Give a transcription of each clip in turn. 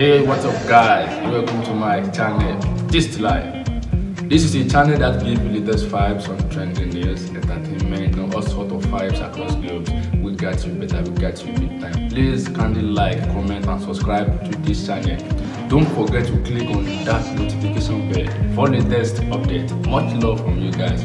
Hey what's up guys, welcome to my channel, Just Life. This is a channel that gives you latest vibes on trending news, entertainment and all sort of vibes across globes. We got you better, we got you big time. Please kindly like, comment and subscribe to this channel. Don't forget to click on that notification bell for the latest update. Much love from you guys.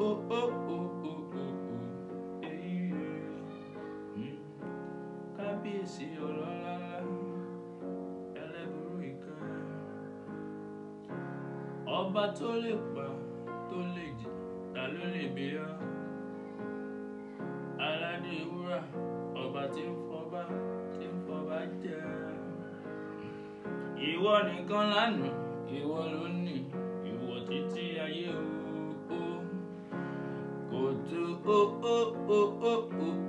oh, oh, oh, oh, oh, hey, hmm. kábíyèsí ọlọ́lá ẹlẹ́bùrú ìkan ọba tó lè pa tó lè jì ta ló lè bí yá aládé wúrà ọba tí ń fọba tí ń fọba jẹ ìwọ nìkan lánàá ìwọ ló oh, oh, oh, oh, oh.